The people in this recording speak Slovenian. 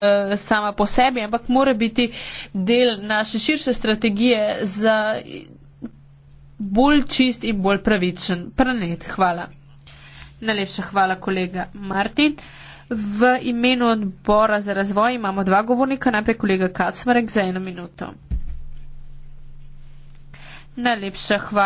Eh, sama po sebi, ampak mora biti del naše širše strategije za bolj čist in bolj pravičen planet. Hvala. Najlepša hvala, kolega Martin. V imenu odbora za razvoj imamo dva govornika, najprej kolega Kacmarek za eno minuto. Najlepša hvala.